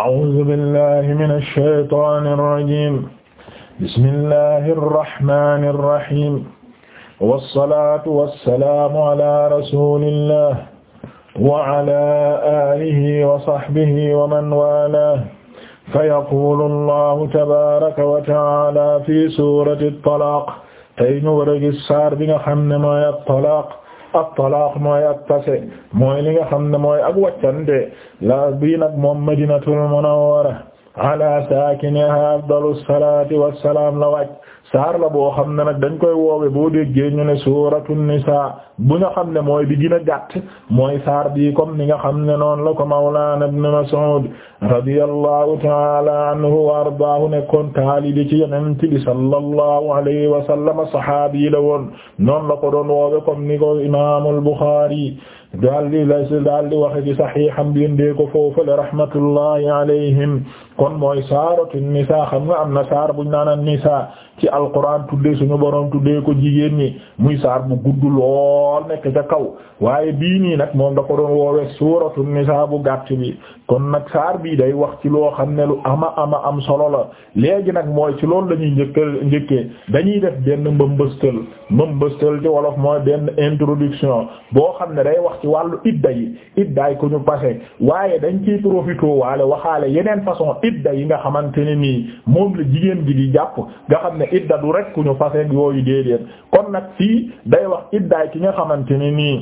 أعوذ بالله من الشيطان الرجيم بسم الله الرحمن الرحيم والصلاة والسلام على رسول الله وعلى آله وصحبه ومن والاه فيقول الله تبارك وتعالى في سورة الطلاق tey ñu war a gis saar bi nga xam ne mooy الطلاق at-talaaq mooy ak tase mooy li nga xam ne mooy ak waccante la bii nag moom madinatul munawwara ala saakinihaa afdalu salaati wassalaam la wàcc saar la boo xam ne nag dañ koy woowe boo déggee ñu ne suuratu nisaa bu nga xam ne mooy bi gën a mooy saar bi comme ni nga xam ne noonu la ko mawlaana ibn Mas'ud radiyallahu taala anhu wa ardaahu nekkoon taalibi ci a bi sallallahu alayhi wa sallam sahaabi la woon noonu la ko doon woowe comme ni ko imaamul Buxaari daal di la daal di waxe ci saxiixam bi indee ko foofule rahmatullahi alayhim kon mooy saaratu nisaa xam nga am na saar buñ naan nisaa ci alquran tuddee suñu borom tuddee ko jigéen ñi muy saar bu gudd lool nekk ca kaw waaye bii nii nag moom da ko doon woowee suuratu nisaa bu gàtt bi kon nag saar bii day wax ci loo xam ne lu ama ama am solo la léegi nag mooy ci loolu la ñuy njëkkal njëkkee dañuy def benn mbëmbëstal mbëmbëstal ci wolof mooy benn introduction boo xam ne day wax ci wàllu idda yi iddaay ko ñu passé waaye dañ ciy profité waale waxaale yeneen façon idda yi nga xamante ne nii moom jigéen gi di jàpp ne idda du rek ku ñu faseeg yooyu déedéet kon nag fii day wax iddaay ki nga xamante ne nii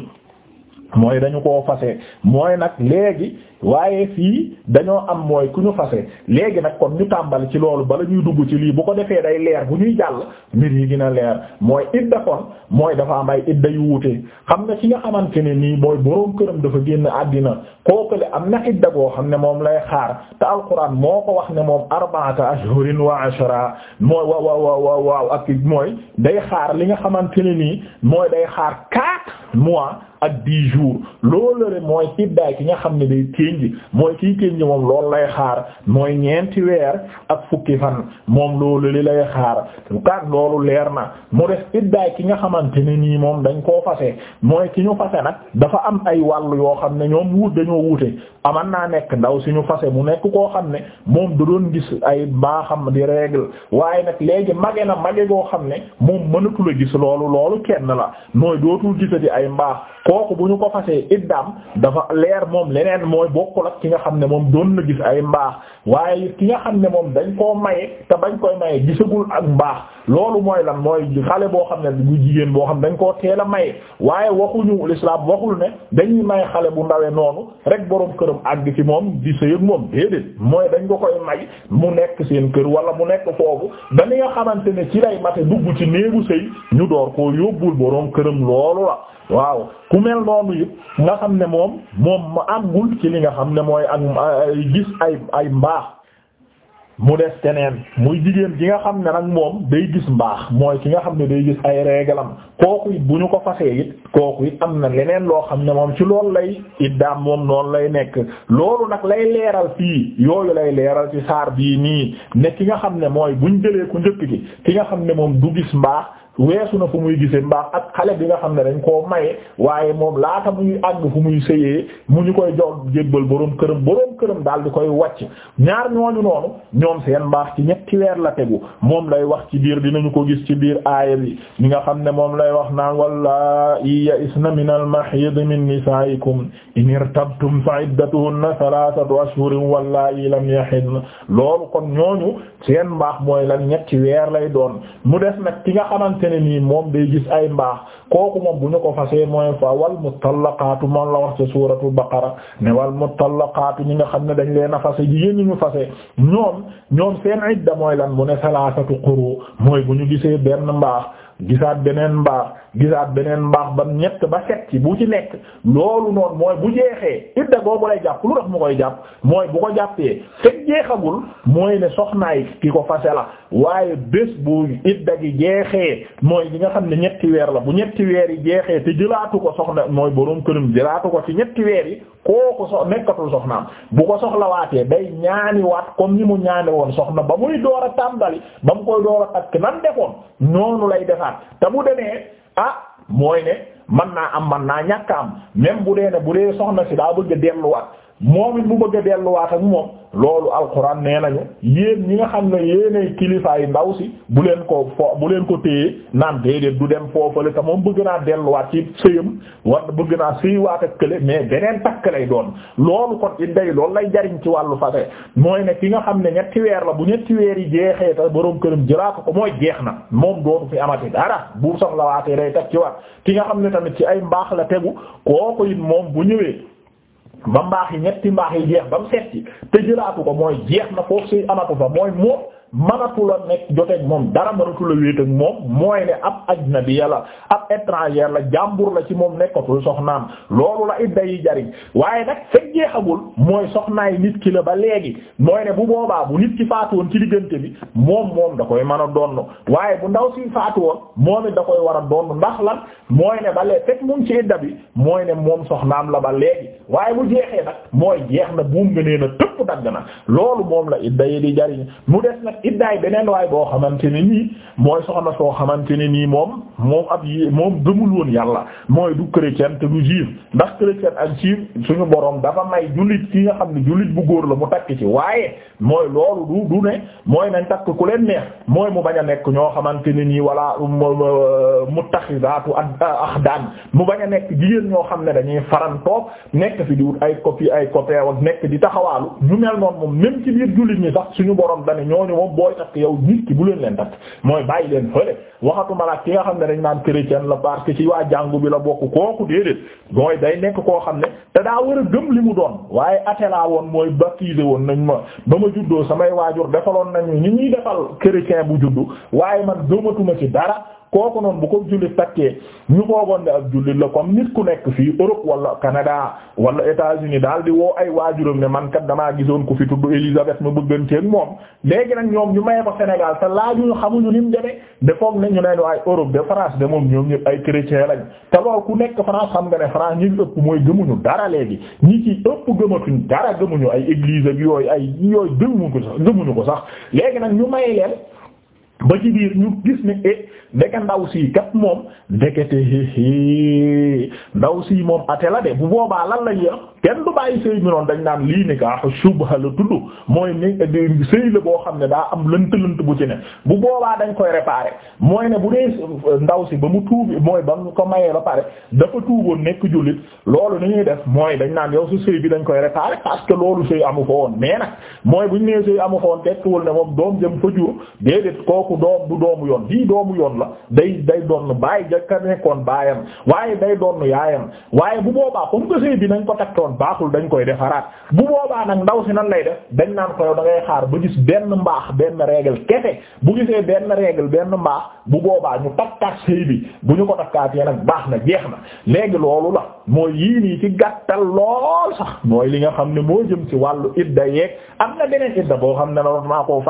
mooy dañu koo fase mooy nag léegi waaye fii dañoo am mooy ku ñu fase léegi nag kon ñu tàmbali ci loolu bala ñuy dugg ci lii bu ko defee day leer bu ñuy jàll mbir yi gën a leer mooy idda kon mooy dafa am ay idda yu wuute xam nga ci nga xamante ne nii mooy boroom këram dafa génn àddina kookale am na idda goo xam ne moom lay xaar te alquran moo ko wax ne moom arbanta ashhurin wa ashra mooy waaw waaw waaw waaw ak mooy day xaar li nga xamante ne nii mooy day xaar ak dix jours loolu la mooy ci daay ki nga xam ne day ténj mooy kiy ténj moom loolu lay xaar mooy ñeenti weer ak fukki fan moom loolu li lay xaar kat loolu leer na mu def iddaay ki nga xamante ne nii moom dañ koo fase mooy ki ñu fase dafa am ay wàll yoo xam ne ñoom dañoo wute aman naa nekk ndaw si ñu fase mu nekk koo xam ne moom da doon gis ay baaxam di règle waaye nag léegi mage na mage goo xam ne moom mënatul a gis loolu loolu kenn la mooy dootul gisati ay mbaax kooku bu ñu ko fasee iddaam dafa leer moom leneen mooy bokkul ak ki nga xam ne moom doon na gis ay mbaax waaye ki nga xam ne moom dañ koo maye te bañ koy maye gisagul ak mbaax loolu mooy lan mooy xale boo xam ne bu jigéen boo xam ne dañ koo teel a maye waaye waxuñu lislaam waxul ne dañuy may xale bu ndawee noonu rek borom këram àgg ci moom di sëy moom déedéet mooy dañ ko koy may mu nekk seen kër wala mu nekk foofu ba ni nga xamante ne ci lay mate dugg ci néegu sëy ñu door koo yóbbul borom këram loolu waaw ku mel noonu it nga xam ne moom moom ma àggul ci li nga xam ne mooy ak gis ay ay mbaax mu des keneen muy jigéen gi nga xam ne nag moom day gis mbaax mooy ki nga xam ne day gis ay régalam kooku it bu ñu ko fasee it kooku yi am na leneen loo xam ne moom ci loolu lay it daam moom noonu lay nekk loolu nag lay leeral fii yooyu lay leeral ci saar bii nii ne ki nga xam ne mooy buñ jëlee ku njëkk gi ki nga xam ne moom du gis mbaax weesu na fu muy gisee mbaax ak xale bi nga xam ne dañ koo maye waaye moom laata muy àgg fu muy sëyee mu ñu koy jox jébbal boroom këram boroom këram daal di koy wàcc ñaar ñooñu noonu ñoom seen mbaax ci ñetti weer la tegu moom lay wax ci biir dinañu ko gis ci biir aaya bi mi nga xam ne moom lay wax naan walla ya'isna min al-mahid min nisaa'ikum in irtabtum fa iddatuhunna thalathatu ashhurin wallaa'i lam yahidna loolu kon ñooñu seen mbaax mooy lan ñetti weer lay doon xamante ne nii moom day gis ay mbaax kooku moom bu ñu ko fasee mooy fa wal mu mutallaqaatu moom la wax ci suuratul baqara ne wal mutallaqaatu ñi nga xam ne dañ leen a fase jigéen ñi ñu fase ñoom ñoom seen idda mooy lan mu ne salaasatu quru mooy bu ñu gisee benn mbaax gisaat beneen mbaax gisaat beneen mbaax ba ñett ba set ci bu ci nekk loolu noonu mooy bu jeexee idda googu lay jàpp lu tax mu koy jàpp mooy bu ko jàppee fekk jeexagul mooy ne soxnaay ki ko fase la waaye bés bu idda gi jeexee mooy li nga xam ne ñetti weer la bu ñetti weer yi jeexee te jëlaatu ko soxna mooy boroom këram jëlaatu ko ci ñetti weer yi ko so nekkatul soxnaam bu ko soxlawaatee day ñaani waat comme ni mu ñaane woon soxna ba muy door a tàmbali ba mu koy door a takk nan lay defaat ah mooy ne man naa am man naa ñàkk am même bu dee ne bu dee soxna si daa bëgg a delluwaat moom it mu bëgg delluwaat ak moom loolu alxuraan nee nañu yéen ñi nga xam ne yéenay kilifaayu ndaw si bu leen ko fo bu leen ko téye naan déedéet du dem foofale te moom bëgg naa delluwaat ci sëyam war na bëgg naa sëywaat ak kële mais beneen takk lay doon loolu ko it day loolu lay jariñ ci wàllu fase mooy ne ki nga xam ne ñetti weer la bu ñetti weer yi jeexee te boroom këram jëlaat ko mooy jeex na moom dootu fi amati dara bu soxlawaatee day teg ci ki nga xam ne tamit ci ay mbaax la tegu kooku it moom bu ñëwee ba mbaax yi ñetti mbaax yi jeex ba mu set ci te jëlaatu ko mooy jeex na foofu si amatu fa mooy moom mënatu la nekk joteeg moom dara mënatu la wéet moom mooy ne ab ajnabi la ab étranger la jàmbur la ci moom nekkatul soxnaam loolu la idda yi jariñ waaye nag fekk mooy soxnaay nit ki la ba léegi mooy bu boobaa bu nit ci diggante bi moom moom da mën a donn waaye bu ndaw si faatuwoon moom it da koy war a donn ndax lan mooy ba léegi mu ci mooy ne moom soxnaam la ba waaye bu jeexee nag mooy jeex na buum nga nee na tëpp dagg na la idda yi di jariñ nag iddaay beneen waay boo xamante ne nii mooy soxna soo xamante ne nii moom moom ab yi moom gëmul woon yàlla mooy du chrétien te du juif ndax chrétien ak juif suñu borom dafa may jullit ki nga xam ne jullit bu góor la mu takk ci waaye mooy loolu du du ne mooy nañ takk ku leen neex mooy mu bañ a nekk ñoo xamante ne nii wala euh, muttaxidaatu euh, daan mu bañ a nekk jigéen ñoo xam ne dañuy toog nekk fi di wut ay copie ay copie ak nekk di taxawaalu ñu mel moom même ci biir jullit ñi suñu borom dañu ñooñu ñoom booy takk yow nit ki bu leen leen takk mooy bàyyi leen fële waxatuma la ki nga xam ne dañ naan chrétien la parce que ci waa jàngu bi la bokk kooku déedéet mooy day nekk koo xam ne te daa war a gëm li mu doon waaye atelaa woon mooy baptisé woon nañ ma ba ma juddoo samay waajur defaloon nañu ñi ñuy defal chrétien bu juddu waaye man gëmatuma ci dara kooku noonu bu ko jullit takkee ñu xoogoon ne ak jullit la comme nit ku nekk fii Europe wala Canada wala États-Unis daal di woo ay waajuram ne man kat damaa gisoon ko fi tudd Élisabeth ma bëgganteeg moom léegi nag ñoom ñu maye ko Sénégal te laajuñu xamuñu ni mu demee de foog ne ñu ne waaye Europe de France de moom ñoom ñëpp ay chrétien lañ te lool ku nekk France xam nga ne France ñi ëpp mooy gëmuñu dara léegi ñi ci ëpp gëmatuñ dara gëmuñu ay église ak yooyu ay yooyu gëmuñu ko sax gëmuñu nag ñu may leen ba ci biir ñu gis ne e ndeke ndaw sii kat moom ndekete hihi ndaw sii moom ate la de bu boobaa lan la ñuy kenn du bàyyi sëy bi noonu dañ naan lii ni ka subha la tudd mooy ni eh, sëy la boo xam ne daa am lënt-lënt bu ci ne bu boobaa dañ koy réparer mooy ne bu dee eh, ndaw si ba mu tuubi mooy ba mu ko mayee ba pare dafa tuuboon nekk jullit loolu ni ñuy def mooy dañ naan yow su sëy bi dañ koy réparer parce que loolu sëy amu fa woon mais nag mooy bu ñu nee sëy amu fa woon moom doom jëm fa jur kooku doom du doomu yoon lii doomu yoon la day day doon baay jaka nekkoon baayam waaye day doon yaayam waaye bu boobaa comme que sëy bi nañ ko takkoon baaxul dañ koy defaraat bu boobaa nag ndaw si nan lay def dañ naan ko yow da ngay xaar ba gis benn mbaax benn règle kese bu gisee benn règle benn mbaax bu boobaa ñu takkaat sëy bi bu ñu ko takkaatee nag baax na jeex na léegi loolu la mooy yii yi ci gàttal lool sax mooy li nga xam ne moo jëm ci wàllu idda yeeg am na beneen idda boo xam ne la maa koo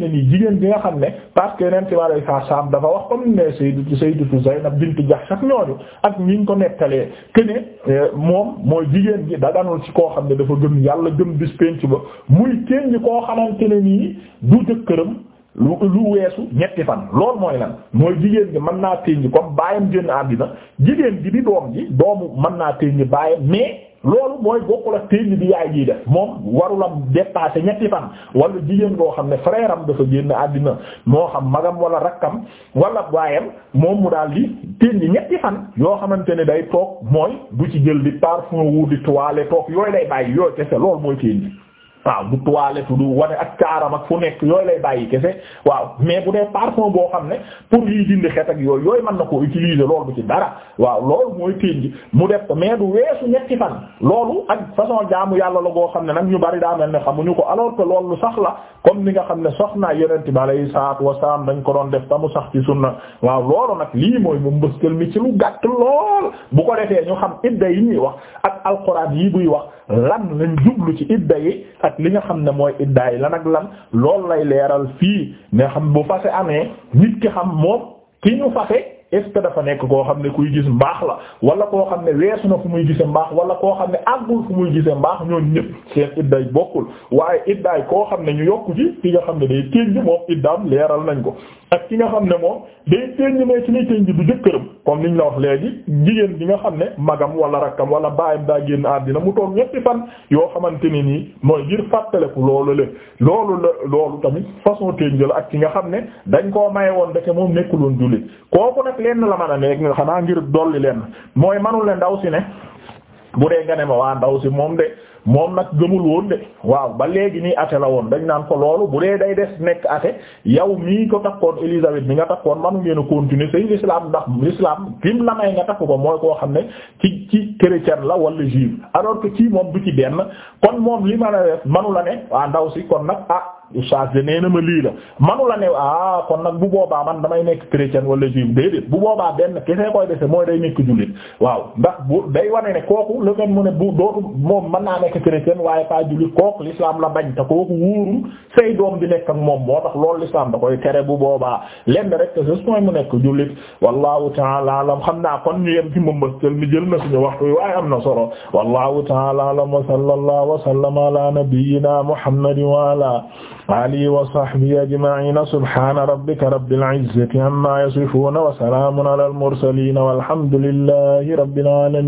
ne jigéen bi nga xam ne parce que yeneen ci wàllu saam dafa wax comme ne Sayyidatu Sayyidatu Zaynab bint Jahsh ak ñooñu ak ñi ñu ko nettalee que euh, moom mooy jigéen gi daganul si koo xam ne dafa gëm yàlla gëm bis penc ba muy kenn koo xamante ne nii du jëkkëram. lu lu weesu ñetti fan loolu mooy lan mooy jigéen gi mën naa téye comme baayam génn àddina jigéen gi di doom ji doomu mën naa téye baayam mais loolu mooy bokkul ak téeméer di yaay ji def moom warul warulam dépassé ñetti fan wala jigéen koo xam ne frère am dafa génn àddina moo xam magam wala rakkam wala waayam moom mu daal di téeméer ñetti fan yoo xamante ne day toog mooy bu ci jël di parfum wu di toilette toog yooyu lay bàyyi yooyu kese loolu mooy téeméer. waaw du toilette du wane ak caaram ak fu nekk yooyu lay bàyyi kese waaw mais bu dee parfum boo xam ne pour yi dindi xet ak yooyu yooyu mën na ko utiliser loolu du ci dara waaw loolu mooy ténj mu def ko mais du weesu ñetti fan loolu ak façon jaamu yàlla la goo xam ne nag ñu bari daa mel ne xamuñu ko alors que lu sax la comme ni nga xam ne soxnaa yonent bi alayhi salaatu wasalaam dañ ko doon def ta mu sax ci sunna waaw loolu nag lii mooy mu mbëskal mi ci lu gàtt lool bu ko defee ñu xam idda yi ñuy wax ak alxuraan yii buy wax lan lañ jublu ci idda yi ak li nga xam ne mooy idda yi lan ak lan loolu lay leeral fii nga xam bu fase amee nit ki xam moom ki ñu fase est dafa nekk koo xam ne kuy gis mbaax la wala koo xam ne weesu na fu muy gise mbaax wala koo xam ne àggul fu muy gise mbaax ñoon ñëpp seen iddaay bokkul waaye iddaay koo xam ne ñu yokku ci ki nga xam ne day ténj moom iddaam leeral nañ ko ak ki nga xam ne moom day ténj mais ci lay ténj du jëkkëram comme niñ la wax léegi jigéen bi nga xam ne magam wala rakkam wala baayam daa génn àddina mu toog ñetti fan yoo xamante ne nii mooy ngir fàttaleku loolu la loolu la loolu tamit façon ténj la ak ki nga xam ne dañ koo maye woon deke moom nekkuloon jullit kooku nag nag lenn la mën a nekk nga xanaa ngir dolli lenn mooy manul ne ndaw si ne bu dee nga ne ma waa ndaw si moom de moom nag gëmul woon de waaw ba léegi nii ate la woon dañ naan ko loolu bu dee day des nekk ate yow mii ko takkoon Élisabeth mi nga takkoon manu ngeen a continuer say l'islam ndax l'islam kim la may nga takk ko mooy koo xam ne ci ci chrétien la wala juif alors que ci moom du ci benn kon moom li ma la def manu la ne waa ndaw si kon nag ah ustaas de nee na ma lii la manu la ne ah kon nag bu boobaa man damay nekk chrétien wala juif déedéet bu boobaa benn kese koy dese mooy day nekk jullit waaw ndax bu day wane ne kooku le fait mu ne bu dootu moom mën naa nekk chrétien waaye pas jullit kooku l'islam la bañ te kooku wóorul say doom di nekk ak moom moo tax loolu l'islam da koy tere bu boobaa lenn rek te mooy mu nekk jullit wallahu ta'ala alam xam naa kon ñu yem ci mbambastal mi jël na suñu waxtu waaye am na solo wallahu ta'ala alihi wa sahbihi ajma'ina subhana rabbika rabbil izzati amma yasifun wa salamun ala al mursalin walhamdulillahi rabbil alamin